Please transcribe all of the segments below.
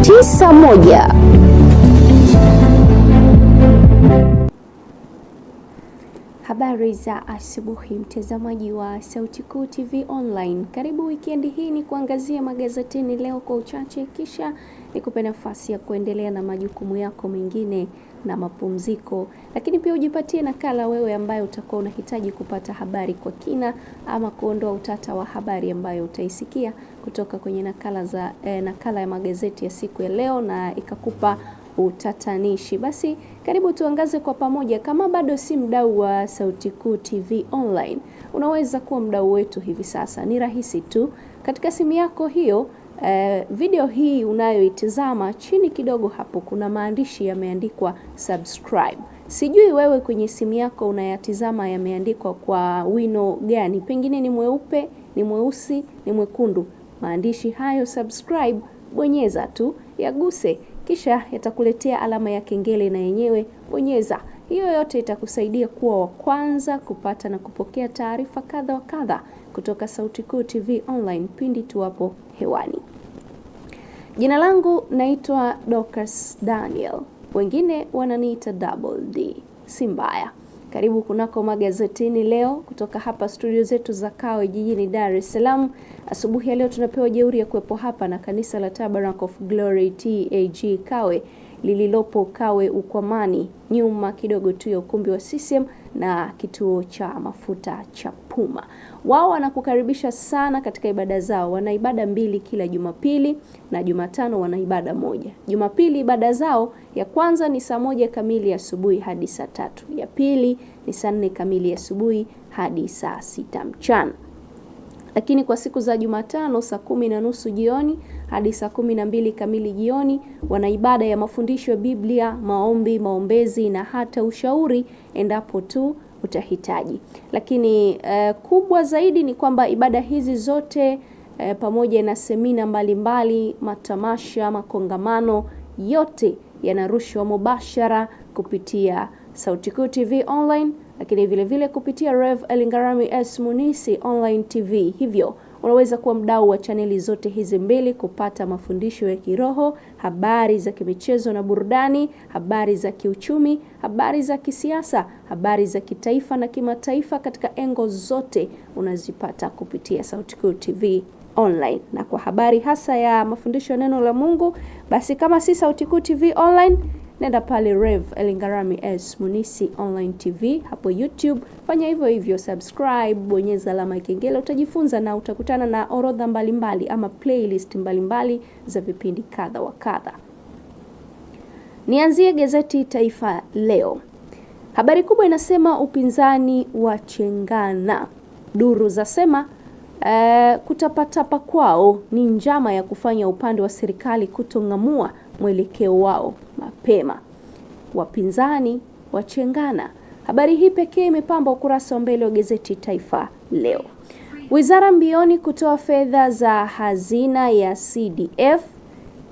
91. Habari za asubuhi, mtazamaji wa Sauti Kuu TV Online, karibu wikendi hii ni kuangazia magazetini leo kwa uchache, kisha nikupe nafasi ya kuendelea na majukumu yako mengine na mapumziko, lakini pia ujipatie nakala wewe ambayo utakuwa unahitaji kupata habari kwa kina ama kuondoa utata wa habari ambayo utaisikia kutoka kwenye nakala za eh, nakala ya magazeti ya siku ya leo na ikakupa utatanishi. Basi karibu tuangaze kwa pamoja. Kama bado si mdau wa Sauti Kuu TV Online, unaweza kuwa mdau wetu hivi sasa. Ni rahisi tu katika simu yako hiyo Eh, video hii unayoitizama chini kidogo hapo kuna maandishi yameandikwa subscribe. Sijui wewe kwenye simu yako unayatizama yameandikwa kwa wino gani? Pengine ni mweupe, ni mweusi, ni mwekundu. Maandishi hayo subscribe, bonyeza tu, yaguse kisha yatakuletea alama ya kengele na yenyewe bonyeza. Hiyo yote itakusaidia kuwa wa kwanza kupata na kupokea taarifa kadha wa kadha kutoka Sauti Kuu TV Online pindi tuwapo hewani. Jina langu naitwa Dorcas Daniel, wengine wananiita Double D, si mbaya. Karibu kunako magazetini leo kutoka hapa studio zetu za Kawe jijini Dar es Salaam. Asubuhi ya leo tunapewa jeuri ya kuwepo hapa na kanisa la Tabernacle of Glory TAG Kawe lililopo Kawe Ukwamani, nyuma kidogo tu ya ukumbi wa CCM na kituo cha mafuta cha Puma. Wao wanakukaribisha sana katika ibada zao. Wana ibada mbili kila Jumapili na Jumatano wana ibada moja. Jumapili ibada zao ya kwanza ni saa moja kamili asubuhi hadi saa tatu. Ya pili ni saa nne kamili asubuhi hadi saa sita mchana lakini kwa siku za Jumatano saa kumi na nusu jioni hadi saa kumi na mbili kamili jioni wana ibada ya mafundisho ya Biblia, maombi, maombezi na hata ushauri endapo tu utahitaji. Lakini eh, kubwa zaidi ni kwamba ibada hizi zote eh, pamoja na semina mbalimbali, matamasha, makongamano yote yanarushwa mubashara kupitia Kuu TV online lakini vile vile kupitia Rev Elingarami S Munisi Online TV. Hivyo unaweza kuwa mdau wa chaneli zote hizi mbili kupata mafundisho ya kiroho, habari za kimichezo na burudani, habari za kiuchumi, habari za kisiasa, habari za kitaifa na kimataifa, katika engo zote unazipata kupitia Sauti Kuu TV online. Na kwa habari hasa ya mafundisho ya neno la Mungu, basi kama si Sauti Kuu TV online nenda pale Rev Elingarami S Munisi Online TV hapo YouTube, fanya hivyo hivyo, subscribe, bonyeza alama ya kengele, utajifunza na utakutana na orodha mbalimbali ama playlist mbalimbali mbali za vipindi kadha wa kadha. Nianzie gazeti Taifa Leo. Habari kubwa inasema upinzani wa chengana, duru zasema eh, kutapatapa kwao ni njama ya kufanya upande wa serikali kutong'amua mwelekeo wao mapema. Wapinzani wachengana. Habari hii pekee imepamba ukurasa wa mbele wa gazeti Taifa Leo. Wizara mbioni kutoa fedha za hazina ya CDF.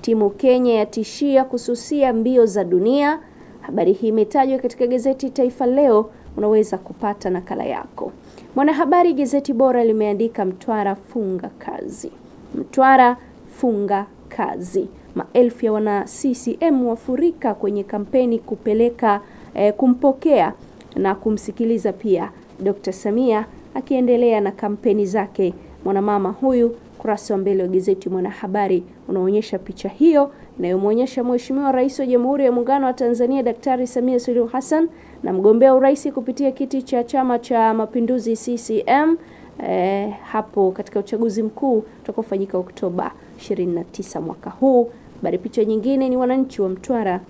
Timu Kenya yatishia kususia mbio za dunia. Habari hii imetajwa katika gazeti Taifa Leo, unaweza kupata nakala yako. Mwanahabari gazeti Bora limeandika Mtwara funga kazi, Mtwara funga kazi. Maelfu ya wana CCM wafurika kwenye kampeni kupeleka eh, kumpokea na kumsikiliza pia Dr. Samia akiendelea na kampeni zake. Mwanamama huyu, kurasa wa mbele wa gazeti Mwanahabari unaonyesha picha hiyo inayomwonyesha Mheshimiwa Rais wa Jamhuri ya Muungano wa Tanzania Daktari Samia Suluhu Hassan na mgombea urais kupitia kiti cha Chama cha Mapinduzi CCM eh, hapo katika uchaguzi mkuu utakaofanyika Oktoba 29 mwaka huu. Habari picha nyingine ni wananchi wa Mtwara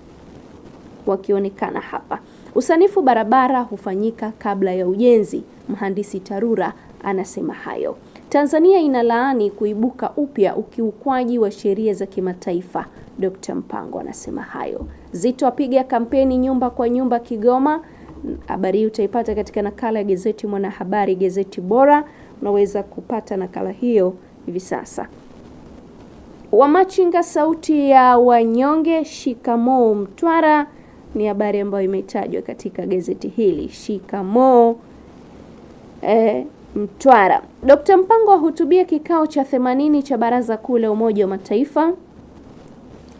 wakionekana hapa. Usanifu barabara hufanyika kabla ya ujenzi, mhandisi TARURA anasema hayo. Tanzania inalaani kuibuka upya ukiukwaji wa sheria za kimataifa, Dkt. Mpango anasema hayo. Zito apiga kampeni nyumba kwa nyumba Kigoma. Habari hii utaipata katika nakala ya gazeti Mwanahabari, gazeti bora. Unaweza kupata nakala hiyo hivi sasa. Wamachinga sauti ya wanyonge, shikamoo Mtwara, ni habari ambayo imetajwa katika gazeti hili. Shikamoo eh, Mtwara. Dkt. Mpango ahutubia kikao cha 80 cha Baraza Kuu la Umoja wa Mataifa.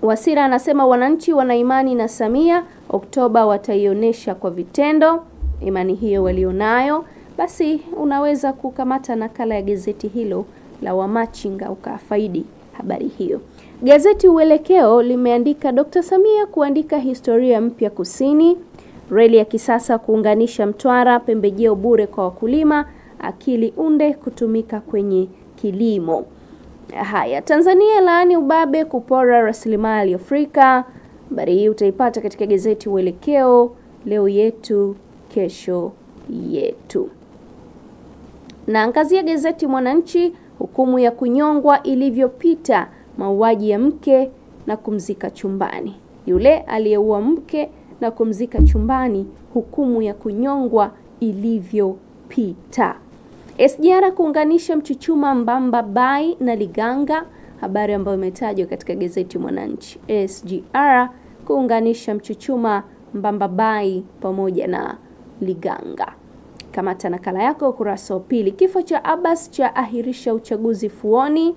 Wasira anasema wananchi wana imani na Samia, Oktoba wataionyesha kwa vitendo imani hiyo walionayo. Basi unaweza kukamata nakala ya gazeti hilo la Wamachinga ukafaidi habari hiyo. Gazeti Uelekeo limeandika Dkt. Samia kuandika historia mpya Kusini, reli ya kisasa kuunganisha Mtwara, pembejeo bure kwa wakulima, akili unde kutumika kwenye kilimo. Haya, Tanzania laani ubabe kupora rasilimali Afrika. Habari hii utaipata katika gazeti Uelekeo, leo yetu kesho yetu. Naangazia gazeti Mwananchi hukumu ya kunyongwa ilivyopita, mauaji ya mke na kumzika chumbani, yule aliyeua mke na kumzika chumbani, hukumu ya kunyongwa ilivyopita. SGR kuunganisha Mchuchuma, Mbamba, Bai na Liganga, habari ambayo imetajwa katika gazeti Mwananchi. SGR kuunganisha Mchuchuma, Mbamba, Bai pamoja na Liganga kamata nakala yako ukurasa wa pili. Kifo cha Abbas cha ahirisha uchaguzi Fuoni.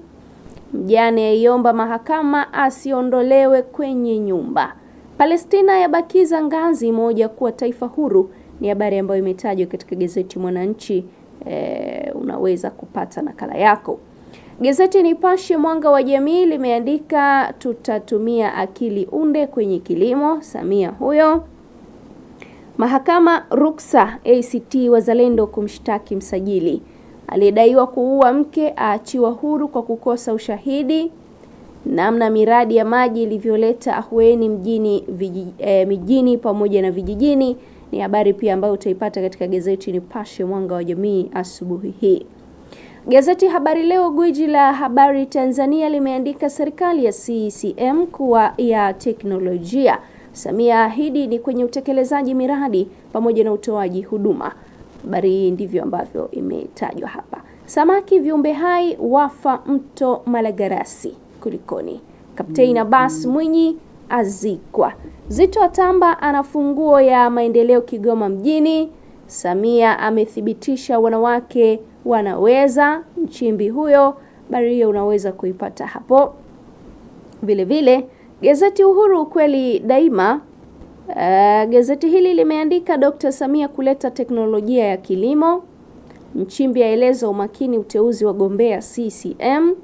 Mjane aiomba mahakama asiondolewe kwenye nyumba. Palestina yabakiza ngazi moja kuwa taifa huru, ni habari ambayo imetajwa katika gazeti Mwananchi. E, unaweza kupata nakala yako. Gazeti Nipashe Mwanga wa Jamii limeandika tutatumia akili unde kwenye kilimo, Samia huyo Mahakama ruksa ACT Wazalendo kumshtaki msajili aliyedaiwa kuua mke aachiwa huru kwa kukosa ushahidi. Namna miradi ya maji ilivyoleta ahueni mjini viji, eh, mijini pamoja na vijijini ni habari pia ambayo utaipata katika gazeti Nipashe Mwanga wa Jamii asubuhi hii. Gazeti Habari Leo, gwiji la habari Tanzania, limeandika serikali ya CCM kuwa ya teknolojia Samia ahidi ni kwenye utekelezaji miradi pamoja na utoaji huduma. Habari hii ndivyo ambavyo imetajwa hapa. Samaki viumbe hai wafa mto Malagarasi, kulikoni? Kapteni Abbas Mwinyi azikwa. Zito Atamba ana funguo ya maendeleo Kigoma mjini. Samia amethibitisha wanawake wanaweza. Mchimbi huyo, habari hiyo unaweza kuipata hapo vilevile vile. Gazeti Uhuru ukweli daima. Uh, gazeti hili limeandika Dr. Samia kuleta teknolojia ya kilimo. mchimbi aeleza umakini uteuzi wa gombea CCM.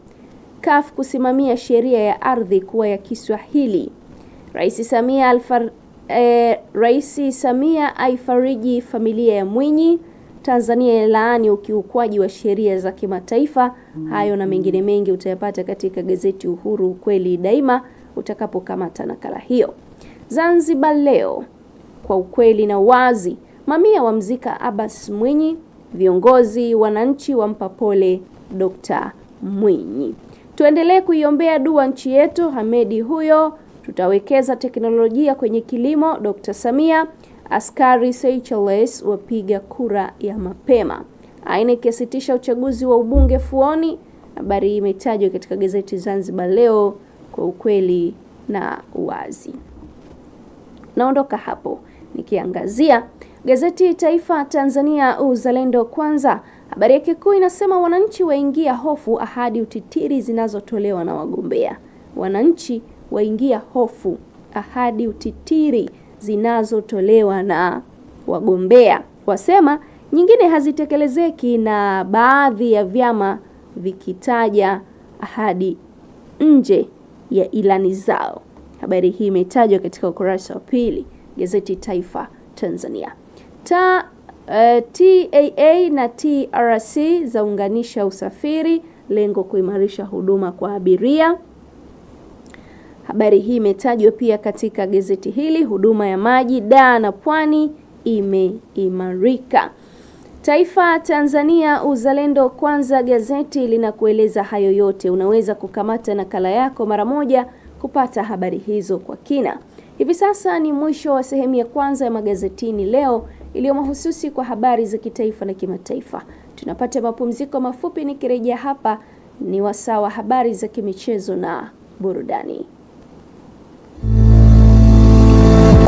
caf kusimamia sheria ya ardhi kuwa ya Kiswahili. Rais Samia alfar, eh, Rais Samia aifariji familia ya Mwinyi. Tanzania ilaani ukiukwaji wa sheria za kimataifa. Hayo na mengine mengi utayapata katika gazeti Uhuru ukweli daima utakapokamata nakala hiyo. Zanzibar Leo, kwa ukweli na uwazi, mamia wamzika Abbas Mwinyi, viongozi wananchi wampa pole Dr. Mwinyi. Tuendelee kuiombea dua nchi yetu, Hamedi huyo. Tutawekeza teknolojia kwenye kilimo, Dr. Samia. Askari Seychelles wapiga kura ya mapema. aina yasitisha uchaguzi wa ubunge Fuoni. Habari hii imetajwa katika gazeti Zanzibar Leo kwa ukweli na uwazi. Naondoka hapo nikiangazia gazeti Taifa Tanzania Uzalendo Kwanza. Habari yake kuu inasema wananchi waingia hofu ahadi utitiri zinazotolewa na wagombea. Wananchi waingia hofu ahadi utitiri zinazotolewa na wagombea, wasema nyingine hazitekelezeki, na baadhi ya vyama vikitaja ahadi nje ya ilani zao. Habari hii imetajwa katika ukurasa wa pili gazeti Taifa Tanzania. Ta, uh, eh, TAA na TRC zaunganisha usafiri, lengo kuimarisha huduma kwa abiria. Habari hii imetajwa pia katika gazeti hili. Huduma ya maji Dar na Pwani imeimarika. Taifa Tanzania, uzalendo kwanza, gazeti linakueleza hayo yote. Unaweza kukamata nakala yako mara moja kupata habari hizo kwa kina. Hivi sasa ni mwisho wa sehemu ya kwanza ya magazetini leo iliyo mahususi kwa habari za kitaifa na kimataifa. Tunapata mapumziko mafupi, nikirejea hapa ni wasaa wa habari za kimichezo na burudani.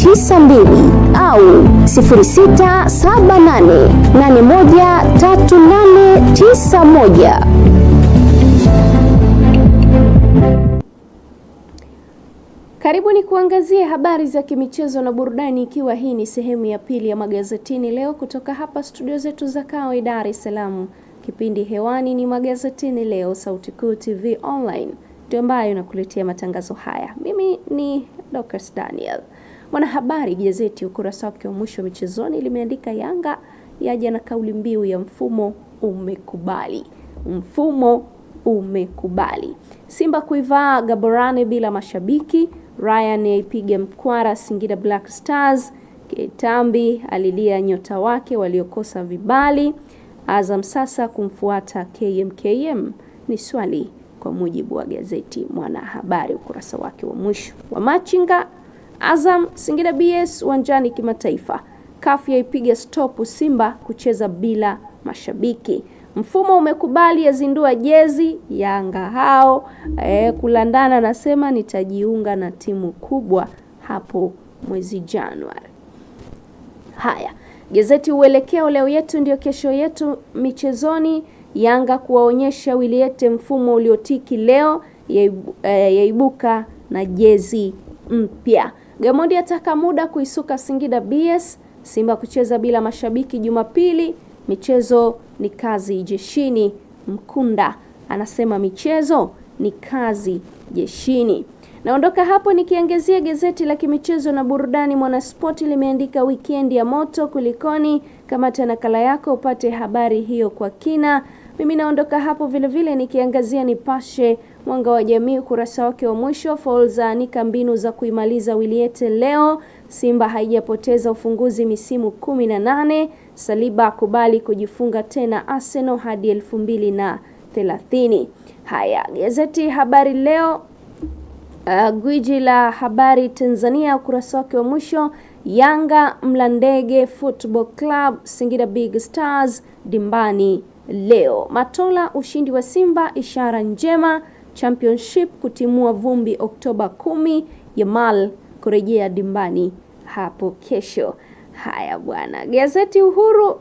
92 au karibu ni kuangazia habari za kimichezo na burudani, ikiwa hii ni sehemu ya pili ya magazetini leo kutoka hapa studio zetu za Kawe, Dar es Salaam. Kipindi hewani ni magazetini leo, Sauti Kuu TV Online ndio ambayo inakuletea matangazo haya. Mimi ni Dorcas Daniel. Mwanahabari gazeti ukurasa wake wa mwisho michezoni limeandika Yanga yaja na kauli mbiu ya mfumo umekubali, mfumo umekubali. Simba kuivaa Gaborane bila mashabiki. Ryan yaipiga mkwara Singida Black Stars. Ketambi alilia nyota wake waliokosa vibali. Azam sasa kumfuata KMKM ni swali, kwa mujibu wa gazeti Mwanahabari ukurasa wake wa mwisho. Wamachinga Azam Singida BS uwanjani kimataifa. CAF yaipiga stopu Simba kucheza bila mashabiki. Mfumo umekubali yazindua jezi Yanga hao. E, kulandana anasema nitajiunga na timu kubwa hapo mwezi Januari. Haya, gazeti Uelekeo, leo yetu ndio kesho yetu. Michezoni, Yanga kuwaonyesha Wiliete mfumo uliotiki leo, e, yaibuka na jezi mpya. Gamondi ataka muda kuisuka Singida BS. Simba kucheza bila mashabiki Jumapili. Michezo ni kazi jeshini. Mkunda anasema michezo ni kazi jeshini. Naondoka hapo nikiangazia gazeti la kimichezo na burudani. Mwanaspoti limeandika wikendi ya moto kulikoni. Kamata nakala yako upate habari hiyo kwa kina. Mimi naondoka hapo vilevile nikiangazia Nipashe Mwanga wa Jamii ukurasa wake wa mwisho, Folza anika mbinu za kuimaliza Wiliete leo. Simba haijapoteza ufunguzi misimu 18 Saliba akubali kujifunga tena Arsenal hadi 2030 Haya, gazeti Habari Leo, uh, gwiji la habari Tanzania, ukurasa wake wa mwisho Yanga mla Football Club Singida Big Stars dimbani leo. Matola, ushindi wa Simba ishara njema championship kutimua vumbi Oktoba kumi. Yamal kurejea dimbani hapo kesho. Haya bwana, gazeti Uhuru. Uh,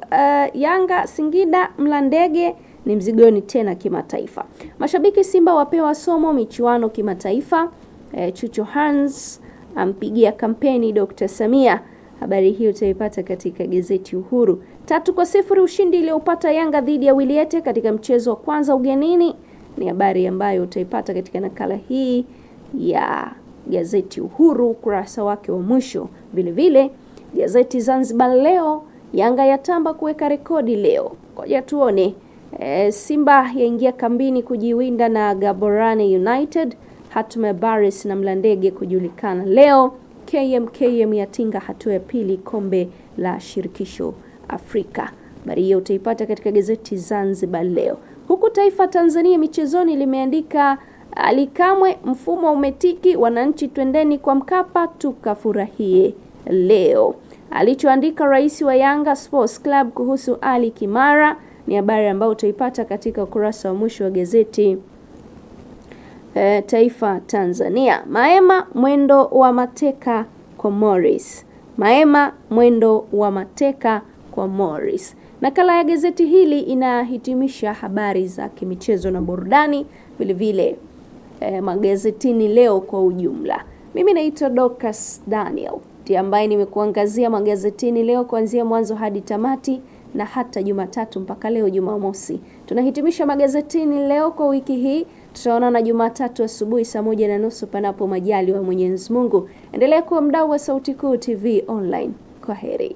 Yanga Singida Mlandege ni mzigoni tena kimataifa. Mashabiki Simba wapewa somo michuano kimataifa. E, eh, Chucho Hans ampigia kampeni Dr. Samia. Habari hiyo utaipata katika gazeti Uhuru tatu kwa sifuri ushindi iliyopata Yanga dhidi ya Wiliete katika mchezo wa kwanza ugenini, ni habari ambayo utaipata katika nakala hii ya gazeti Uhuru ukurasa wake wa mwisho. Vilevile gazeti Zanzibar Leo, Yanga yatamba kuweka rekodi leo. Ngoja tuone. E, Simba yaingia kambini kujiwinda na gaborane United. Hatima ya Baris na Mlandege kujulikana leo. KMKM yatinga hatua ya pili kombe la shirikisho Afrika. Habari hiyo utaipata katika gazeti Zanzibar Leo. Huku Taifa Tanzania michezoni limeandika Alikamwe, mfumo umetiki, wananchi twendeni kwa Mkapa tukafurahie leo. Alichoandika rais wa Yanga Sports Club kuhusu Ali Kimara ni habari ambayo utaipata katika ukurasa wa mwisho wa gazeti e, Taifa Tanzania. Maema mwendo wa mateka Morris. Maema mwendo wa mateka kwa Morris. Nakala ya gazeti hili inahitimisha habari za kimichezo na burudani vilevile eh, magazetini leo kwa ujumla. Mimi naitwa Dorcas Daniel ndiye ambaye nimekuangazia magazetini leo kuanzia mwanzo hadi tamati na hata Jumatatu mpaka leo Jumamosi. Tunahitimisha magazetini leo kwa wiki hii. Tutaonana Jumatatu asubuhi saa moja na nusu panapo wa Mwenyezi Mungu. Endelea kuwa mdau wa Sauti Kuu TV Online. Kwa heri.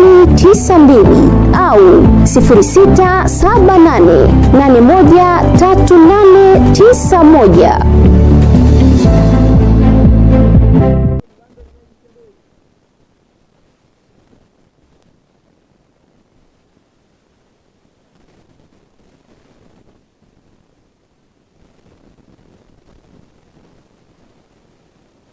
mbili au moja